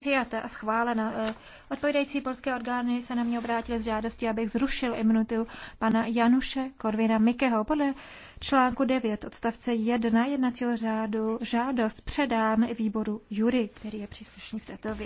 přijata a schválena. Eh, Odpovídající polské orgány se na mě obrátily s žádostí, abych zrušil imunitu pana Januše Korvina Mikeho. Podle článku 9 odstavce 1 jednacího řádu žádost předám výboru Jury, který je příslušný v této věci.